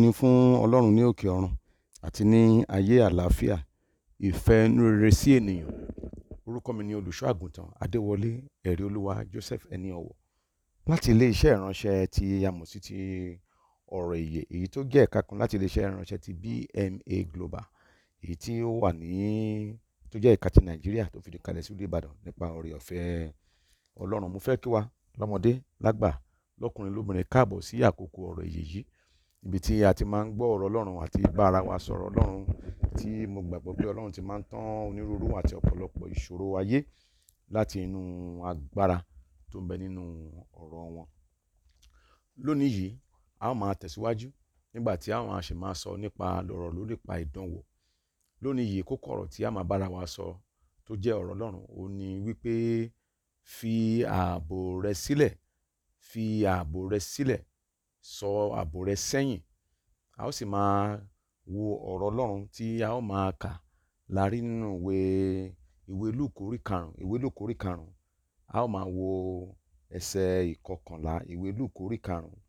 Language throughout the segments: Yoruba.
ni fún Ọlọ́run ní òkè ọ̀run àti ní ayé àlàáfíà ìfẹ́ inú rere sí ènìyàn. Orúkọ mi ni Olùṣọ́ àgùntàn Adéwọlé ẹ̀rí Olúwa Joseph ẹni ọ̀wọ̀. Láti ilé iṣẹ́ ìránṣẹ́ tí a mọ̀ sí ti ọ̀rọ̀ ìyè èyí tó jẹ́ ẹ̀ka kan láti ilé iṣẹ́ ìránṣẹ́ ti BMA Global èyí tí ó wà ní tó jẹ́ ẹ̀ka ti Nàìjíríà tó fìdí kalẹ̀ sí ìlú Ìbàdàn nípa oore ọ̀fẹ́ Ọlọ́run. Mo fẹ́ kí wa lọ́mọdé lágbà lọ́kùnrin lóbìnrin káàbọ̀ sí àkókò ọ̀rọ̀ ìyè yìí ibi tí a ti máa ń gbọ́ ọ̀rọ̀ Ọlọ́run àti bá ara wa sọ̀rọ̀ Ọlọ́run tí mo gbàgbọ́ pé Ọlọ́run ti máa ń tán onírúurú àti ọ̀pọ̀lọpọ̀ ìṣòro ayé láti inú agbára tó ń bẹ nínú ọ̀rọ̀ wọn. Lónìí yìí, a ó máa tẹ̀síwájú nígbà tí a máa máa sọ nípa lọ̀rọ̀ lórí pa ìdánwò. Lónìí yìí, kókó ọ̀rọ̀ tí a máa bá ara wa sọ tó jẹ́ ọ̀rọ̀ Ọlọ́run, òun ni wípé fi ààbò rẹ sílẹ̀, fi ààbò rẹ sílẹ̀ sọ ààbò rẹ sẹ́yìn a ó sì máa wo ọ̀rọ̀ ọlọ́run tí a ó máa kà lárí nínú ìwé ìwé lúùkù orí karùn-ún ìwé lúùkù karùn-ún a ó máa wo ẹsẹ̀ ìkọkànlá ìwé lúùkù orí karùn-ún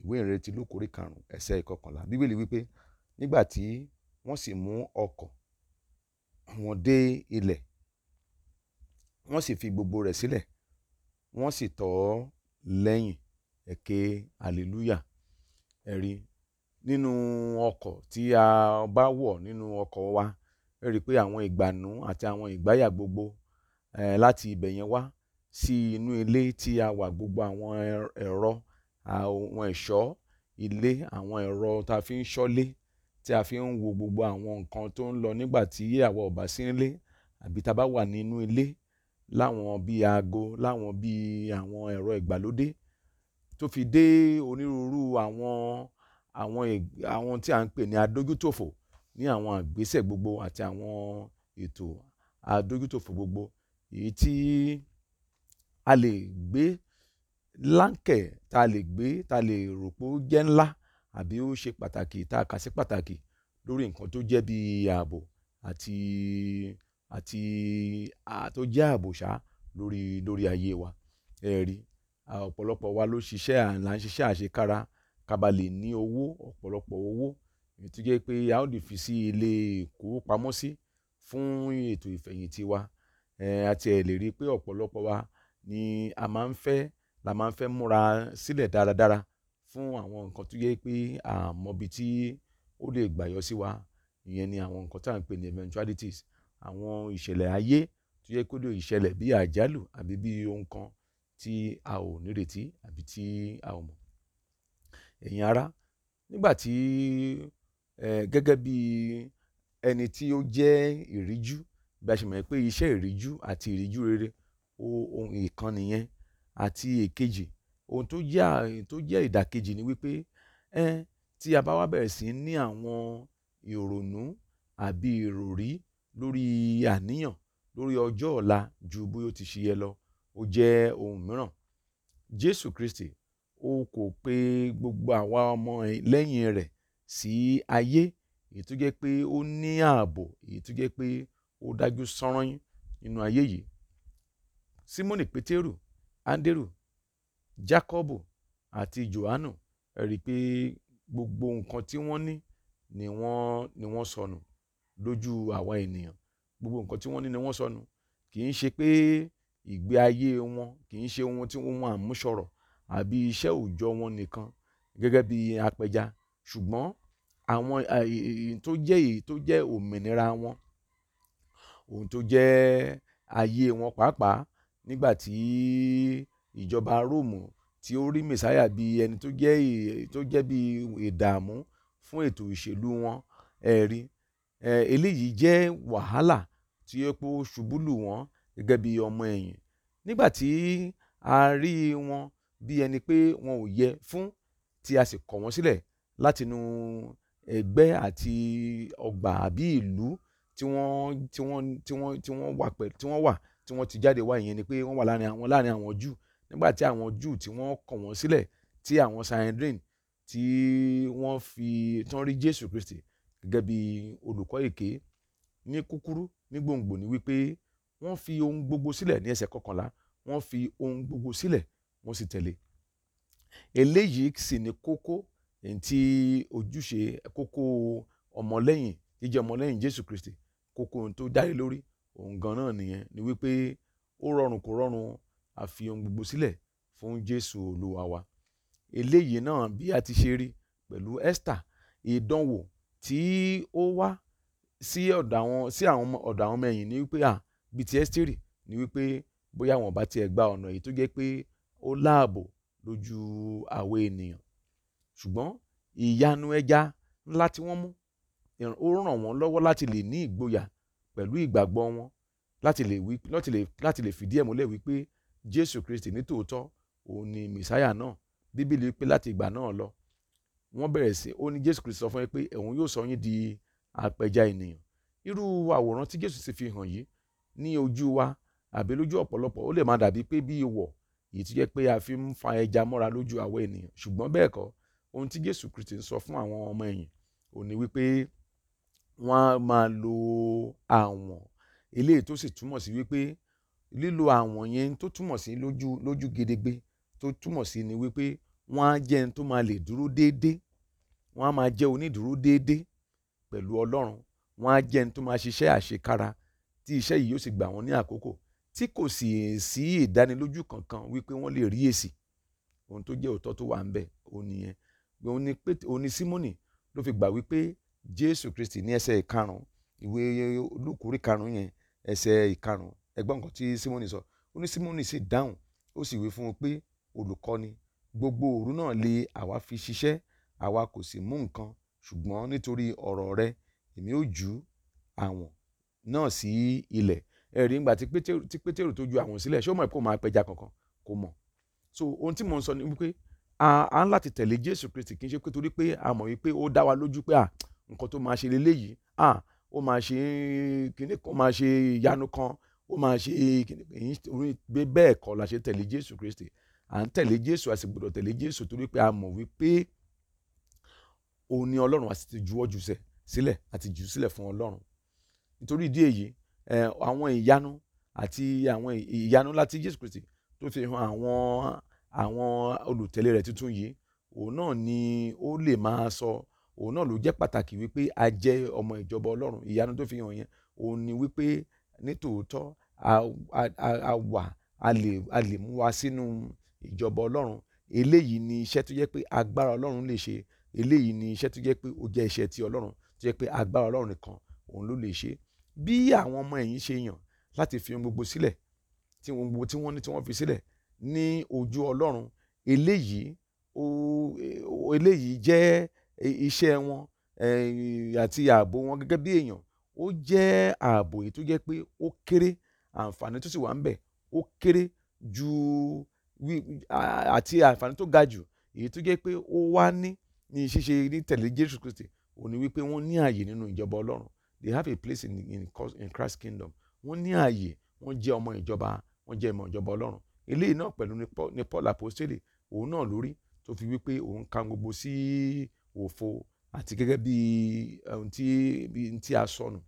ìwé ìrètí lúùkù orí karùn-ún ẹsẹ̀ ìkọkànlá bíbélì wípé nígbà tí wọ́n sì mú ọkọ̀ wọn dé ilẹ̀ wọ́n sì fi gbogbo rẹ̀ sílẹ̀ wọ́n sì tọ̀ ọ́ lẹ́yìn ẹ hallelujah. Ẹ rí nínú ọkọ̀ tí a bá wọ̀ nínú ọkọ̀ wa, ẹ rí i pé àwọn ìgbànú àti àwọn ìgbáyà gbogbo um láti ibẹ̀ yẹn wá sí inú ilé tí a wà gbogbo àwọn ẹ̀rọ àwọn ẹ̀ṣọ́ ilé àwọn ẹ̀rọ ta fi ń ṣọ́lé tí a fi ń wo gbogbo àwọn nǹkan tó ń lọ nígbà tí àwa ò sí nílé àbí ta bá wà nínú ilé láwọn bíi aago láwọn bíi àwọn ẹ̀rọ ìgbàlódé tó fi dé onírúurú àwọn àwọn àwọn tí a ń pè ní adójútòfò ní àwọn àgbésẹ̀ gbogbo àti àwọn ètò adójútòfò gbogbo èyí tí a lè gbé láǹkẹ̀ tá a lè gbé tá a lè rò pé ó jẹ́ ńlá àbí ó ṣe pàtàkì tá a kà sí pàtàkì lórí nǹkan tó jẹ́ bí ààbò àti àti àtó ààbò ṣá lórí lórí ayé wa ẹ rí ọ̀pọ̀lọpọ̀ wa ló ṣiṣẹ́ là ń ṣiṣẹ́ àṣekára ká ba lè ní owó ọ̀pọ̀lọpọ̀ owó èyí tó jẹ́ pé a ó lè fi sí ilé ìkówópamọ́sí fún ètò ìfẹ̀yìntì wa àti ẹ̀ lè rí i pé ọ̀pọ̀lọpọ̀ wa ni a máa ń fẹ́ la máa ń fẹ́ múra sílẹ̀ dáradára fún àwọn nǹkan tó jẹ́ pé a mọ̀ ibi tí ó lè gbàyọ sí wa ìyẹn ni àwọn nǹkan tá à ń pè ní eventualities àwọn ìṣẹ̀lẹ̀ ayé tó yẹ kó lè ìṣẹ̀lẹ̀ bí àjálù àbí bí ohun kan tí a ò nírètí àbí tí a ò mọ̀. Ẹ̀yin ará, nígbà tí eh, gẹ́gẹ́ bí ẹni tí ó jẹ́ ìríjú bí a ṣe mọ̀ pé iṣẹ́ ìríjú àti ìríjú rere ohun ìkan nìyẹn àti èkejì ohun tó jẹ́ tó jẹ́ ìdàkejì ni wípé eh, tí a bá wá bẹ̀rẹ̀ sí ní àwọn ìrònú àbí ìròrí lórí àníyàn lórí ọjọ́ ọ̀la ju bóyá ó ti ṣe yẹ lọ ó jẹ́ ohun mìíràn jésù kristi ó kò pe gbogbo àwa ọmọ lẹ́yìn rẹ̀ sí ayé èyí tó jẹ́ pé ó ní ààbò èyí tó jẹ́ pé ó dájú sánrányín nínú ayé yìí simoni pétérù anderu jacobo àti johanu rí i pé gbogbo nǹkan tí wọ́n ní ni wọ́n ni wọ́n sọnù lójú àwa ènìyàn gbogbo nǹkan tí wọ́n ní ni wọ́n sọnù kì í ṣe pé. Pe ìgbé ayé wọn kì í ṣe ohun tí wọ́n àmúṣọrọ̀ àbí iṣẹ́ òòjọ́ wọn nìkan gẹ́gẹ́ bí apẹja ṣùgbọ́n àwọn èyí tó jẹ́ èyí tó jẹ́ òmìnira wọn ohun tó jẹ́ ayé wọn pàápàá nígbà tí ìjọba Róòmù tí ó rí Mèsáyà bí ẹni tó jẹ́ tó jẹ́ bí ìdààmú fún ètò ìṣèlú wọn ẹ̀rí eléyìí jẹ́ wàhálà tí epo ṣubú lù wọ́n gẹ́gẹ́ bí ọmọ ẹ̀yìn nígbà tí a rí wọn bí ẹni pé wọn ò yẹ fún tí a sì kọ̀ wọ́n sílẹ̀ látinú ẹgbẹ́ àti ọgbà àbí ìlú tí wọ́n tí wọ́n tí wọ́n tí wọ́n wà pẹ̀ tí wọ́n wà tí wọ́n ti jáde wá ìyẹn ni pé wọ́n wà láàrin àwọn láàrin àwọn Júù nígbà tí àwọn Júù tí wọ́n kọ̀ wọ́n sílẹ̀ tí àwọn Sanhedrin tí wọ́n fi tí rí Jésù Kristi gẹ́gẹ́ bí olùkọ́ èké ní kúkúrú ní gbòǹgbò ni wípé wọ́n fi ohun gbogbo sílẹ̀ ní ẹsẹ̀ kọkànlá wọ́n fi ohun gbogbo sílẹ̀ wọ́n sì tẹ̀lé eléyìí sì ni kókó èyí tí ojúṣe kókó ọmọlẹ́yìn jíjẹ́ ọmọlẹ́yìn Jésù Kristi kókó ohun tó dáyé lórí ohun gan náà nìyẹn ni wípé ó rọrùn kò rọrùn a fi ohun gbogbo sílẹ̀ fún Jésù Olúwa wa eléyìí náà bí a ti ṣe rí pẹ̀lú Esther ìdánwò tí ó wá sí ọ̀dọ̀ àwọn ọmọ ẹ̀yìn ni wípé à BTS ti ni wípé bóyá wọn bá tiẹ̀ gba ọ̀nà èyí tó jẹ́ pé ó láàbò lójú àwọ̀ ènìyàn ṣùgbọ́n ìyanu ẹja ńlá tí wọ́n mú ó ràn wọ́n lọ́wọ́ láti lè ní ìgboyà pẹ̀lú ìgbàgbọ́ wọn láti lè fìdí ẹ̀ múlẹ̀ wípé Jésù Kristi ní tòótọ́ òun ni mẹsáyà náà bíbélì wípé láti ìgbà náà lọ wọ́n bẹ̀rẹ̀ sí ó ní Jésù Kristi sọ fún yín pé òun yóò sọ yín di apẹja ènìyàn irú àwòrán tí Jésù sì fi hàn yìí ní ojú wa àbí lójú ọ̀pọ̀lọpọ̀ ó lè máa dàbí pé bí ìwọ̀ èyí tó jẹ́ pé a fi ń fa ẹja mọ́ra lójú àwọn ènìyàn ṣùgbọ́n bẹ́ẹ̀ kọ́ ohun tí Jésù Kristi ń sọ fún àwọn ọmọ ẹ̀yìn ò ní wípé wọ́n á máa lo àwọ̀n eléyìí tó sì túmọ̀ sí wípé lílo àwọ̀n yẹn tó túmọ̀ sí lójú lójú gedegbe tó túmọ̀ sí ni wípé wọ́n á jẹ́ ẹni tó máa lè dúró déédéé wọ́n á máa jẹ́ onídùúró déédéé pẹ̀lú Ọlọ́run wọ́n á jẹ́ ẹni tó máa ṣiṣẹ́ àṣekára tí iṣẹ́ yìí yóò sì gbà wọ́n ní àkókò tí kò sì sí ìdánilójú kankan wípé wọ́n lè rí èsì ohun tó jẹ́ òótọ́ tó wà ń bẹ̀ òun nìyẹn òun ni Símónì ló fi gbà wípé Jésù Kristi ní ẹsẹ̀ ìkarùn ìwé olùkúrí karùn yẹn ẹsẹ̀ ìkarùn ẹgbọ́n nǹkan tí Símónì sọ ó ní Símónì sì dáhùn ó sì wí fún un pé olùkọ́ni gbogbo òru náà lè àwa fi ṣiṣẹ́ àwa kò sì mú nǹkan ṣùgbọ́n nítorí ọ̀rọ̀ rẹ èmi ó jù àwọn náà sí ilẹ̀ ẹ̀rí ńgbà tí pétérù tó ju àwọn sílẹ̀ ṣé ó mọ̀ kó máa pẹja kankan kò mọ̀ so ohun tí mò ń sọ ni wípé a ń láti tẹ̀lé jésù kristi kì í ṣe pé torí pé a mọ̀ wípé ó dá wa lójú pé à nǹkan tó máa ṣe leléyìí à ó máa ṣe kíní kan máa ṣe ìyanu kan ó máa ṣe kíní orin gbé bẹ́ẹ̀ kọ́ la ṣe tẹ̀lé jésù kristi à ń tẹ̀lé jésù a sì gbọ́dọ̀ tẹ̀lé jésù torí pé a mọ̀ wípé òun ni ọlọ́run a sì ti juwọ́ jù sílẹ̀ a ti jù sílẹ̀ fún ọlọ́run nítorí ìdí èyí àwọn ìyanu àti àwọn ìyanu láti Jésù Kristi tó fi hàn àwọn àwọn olùtẹ̀lé rẹ̀ tuntun yìí òun náà ni ó lè máa sọ òun náà ló jẹ́ pàtàkì wípé a jẹ́ ọmọ ìjọba Ọlọ́run ìyanu tó fi hàn yẹn òun ni wípé nítòótọ́ a wà a a lè mú wa sínú ìjọba Ọlọ́run eléyìí ni iṣẹ́ tó jẹ́ pé agbára Ọlọ́run lè ṣe eléyìí ni iṣẹ́ tó jẹ́ pé ó jẹ́ iṣẹ́ ti Ọlọ́run tó jẹ́ pé agbára Ọlọ́run nìkan òun ló lè ṣe é bí àwọn ọmọ ẹ̀yìn ṣe yàn láti fi ohun gbogbo sílẹ̀ tí ohun gbogbo tí wọ́n ní tí wọ́n fi sílẹ̀ ní ojú ọlọ́run eléyìí eléyìí jẹ́ iṣẹ́ wọn eh, àti ààbò wọn gẹ́gẹ́ bí èèyàn ó jẹ́ ààbò èyí tó jẹ́ pé ó kéré àǹfààní tó sì wà ń bẹ̀ ó kéré ju àti àǹfààní tó ga jù èyí tó jẹ́ pé ó wá ní ní ṣíṣe ní tẹ̀lé Jésù Kristi ó wípé wọ́n ní ààyè nínú ìjọba ọlọ́run they have a place in in in Christ's kingdom wọ́n ní ààyè wọ́n jẹ́ ọmọ ìjọba wọ́n jẹ́ ọmọ ìjọba Ọlọ́run eléyìí náà pẹ̀lú ní Paul apostole òun náà lórí tó fi wípé òun kan gbogbo sí òfo àti gẹ́gẹ́ bí eh, ohun tí bí ohun tí a sọnù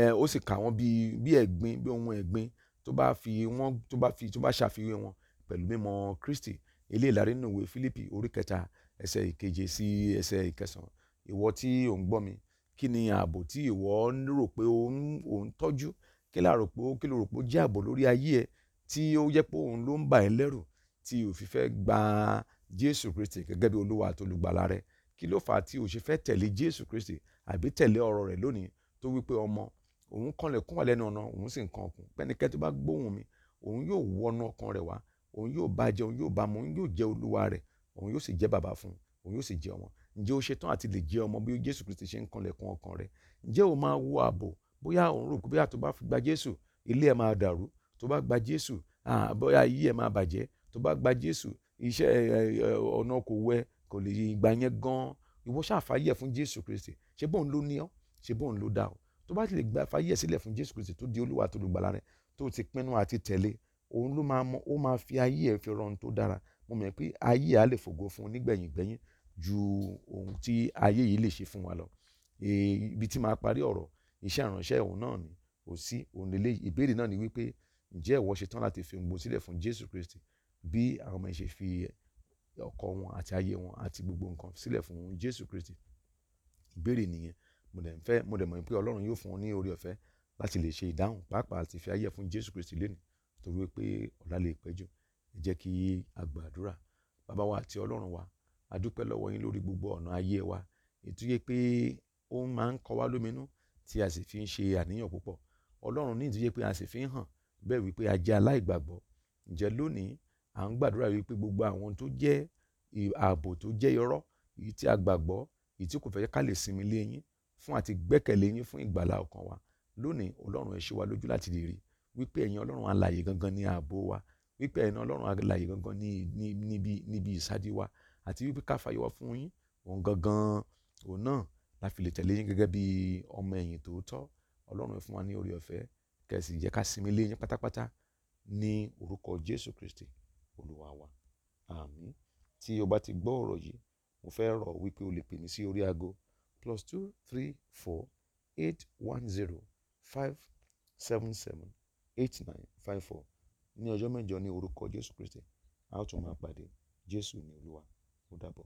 eh, ó sì kà wọ́n bí bí ẹ̀gbin bí ohun ẹ̀gbin tó bá fi wọ́n tó bá fi tó bá ṣàfihàn wọn pẹ̀lú mímọ́ Kristi eléyìí lárí nínú ìwé Fílípì orí kẹta ẹsẹ̀ ìkeje sí ẹsẹ̀ ìkẹsàn-án ìwọ tí ò ń mi kí ni ààbò tí ìwọ ń rò pé ò ń tọ́jú kí la rò pé kí lo rò pé ó jẹ́ ààbò lórí ayé ẹ tí ó yẹ pé òun ló ń bà ẹ́ lẹ́rù tí o fi fẹ́ gba Jésù Kristi gẹ́gẹ́ bí Olúwa àti olùgbàlà rẹ kí ló fà á tí o ṣe fẹ́ tẹ̀lé Jésù Kristi àbí tẹ̀lé ọ̀rọ̀ rẹ̀ lónìí tó wípé ọmọ òun kànlẹ̀ kún wà lẹ́nu ọ̀nà òun sì ń kan ọkùn pẹ́nikẹ́ tó bá gbóhùn mi òun yóò wọnú ọkàn rẹ̀ wá òun yóò bá jẹ òun yóò bá mu òun yóò jẹ Olúwa rẹ̀ òun yóò sì jẹ́ bàbá fún òun yóò sì jẹ́ ọmọ ǹjẹ́ o ṣetán àti lè jẹ́ ọmọ bí jésù kristi ṣe ń kanlẹ̀kùn ọkàn rẹ ǹjẹ́ o máa wo ààbò bóyá òun rò bóyá tó bá gba jésù ilé ẹ̀ máa dàrú tó bá gba jésù bóyá ayé ẹ̀ máa bàjẹ́ tó bá gba jésù iṣẹ́ ọ̀nà kò wẹ kò lè gbà yẹn gan ìwọ ṣàfàyè fún jésù kristi ṣé bóun ló ní ọ ṣé bóun ló dá ọ tó bá lè gba fàyè sílẹ̀ fún jésù kristi tó di olúwa tó lùgbàlà rẹ tó ti pinnu àti tẹ̀lé òun ló máa mọ ó máa fi ayé ẹ̀ fi rọrùn tó dára mo mọ̀ pé ayé ẹ̀ á lè fògo fún un nígbẹ̀yìn gbẹ̀yìn ju ohun tí ayé yìí lè ṣe fún wa lọ ibi tí màá parí ọ̀rọ̀ iṣẹ́ ìránṣẹ́ òun náà ni kò sí onílé ìbéèrè náà ni wípé ǹjẹ́ ìwọ ṣe tán láti fi gbogbo sílẹ̀ fún Jésù Kristi bí àwọn ọmọ yìí ṣe fi ọkọ wọn àti ayé wọn àti gbogbo nǹkan sílẹ̀ fún Jésù Kristi ìbéèrè nìyẹn mo dẹ̀ ń fẹ́ mo dẹ̀ mọ̀ pé Ọlọ́run yóò fún wọn ní orí ọ̀fẹ́ láti lè ṣe ìdáhùn pàápàá àti fi ayé fún Jésù Kristi lẹ́nu torí pé ọ̀la lè pẹ́ jù ẹ jẹ́ kí a bàbá wa àti Ọlọ́run wa a dúpẹ́ lọ́wọ́ yín lórí gbogbo ọ̀nà ayé wa ètò yẹ pé ó máa ń kọ wá lóminú tí a sì fi ń ṣe àníyàn púpọ̀ ọlọ́run ní ìdíyẹ pé a sì fi ń hàn bẹ́ẹ̀ wípé a jẹ́ aláìgbàgbọ́ ǹjẹ́ lónìí à ń gbàdúrà wípé gbogbo àwọn tó jẹ́ ààbò tó jẹ́ irọ́ èyí tí a gbàgbọ́ èyí tí kò fẹ́ ká lè sinmi lé yín fún àti gbẹ́kẹ̀lé yín fún ìgbàlá ọkàn wa lónìí ọlọ́run ẹ ṣí wa lójú láti lè rí wípé ẹ̀yin ọlọ́run alààyè gangan ní ààbò wa wípé ẹ̀yin ọlọ́run alààyè gangan níbi ìsádi wa àti wípé ká fàyẹ̀wò fún yín òun gangan òun náà la fi lè tẹ̀lé yín gẹ́gẹ́ bí ọmọ ẹ̀yìn tòótọ́ ọlọ́run fún wa ní orí ọ̀fẹ́ kẹsì jẹ́ ká sinmi lé yín pátápátá ní orúkọ jésù kristi olúwa wa àmín tí o bá ti gbọ́ ọ̀rọ̀ yìí mo fẹ́ rọ̀ wípé o lè pè mí sí orí aago plus two three four eight one zero five seven seven eight nine five four ní ọjọ́ mẹ́jọ ní orúkọ jésù kristi a ó tún máa pàdé jésù ní olúwa উঠাবো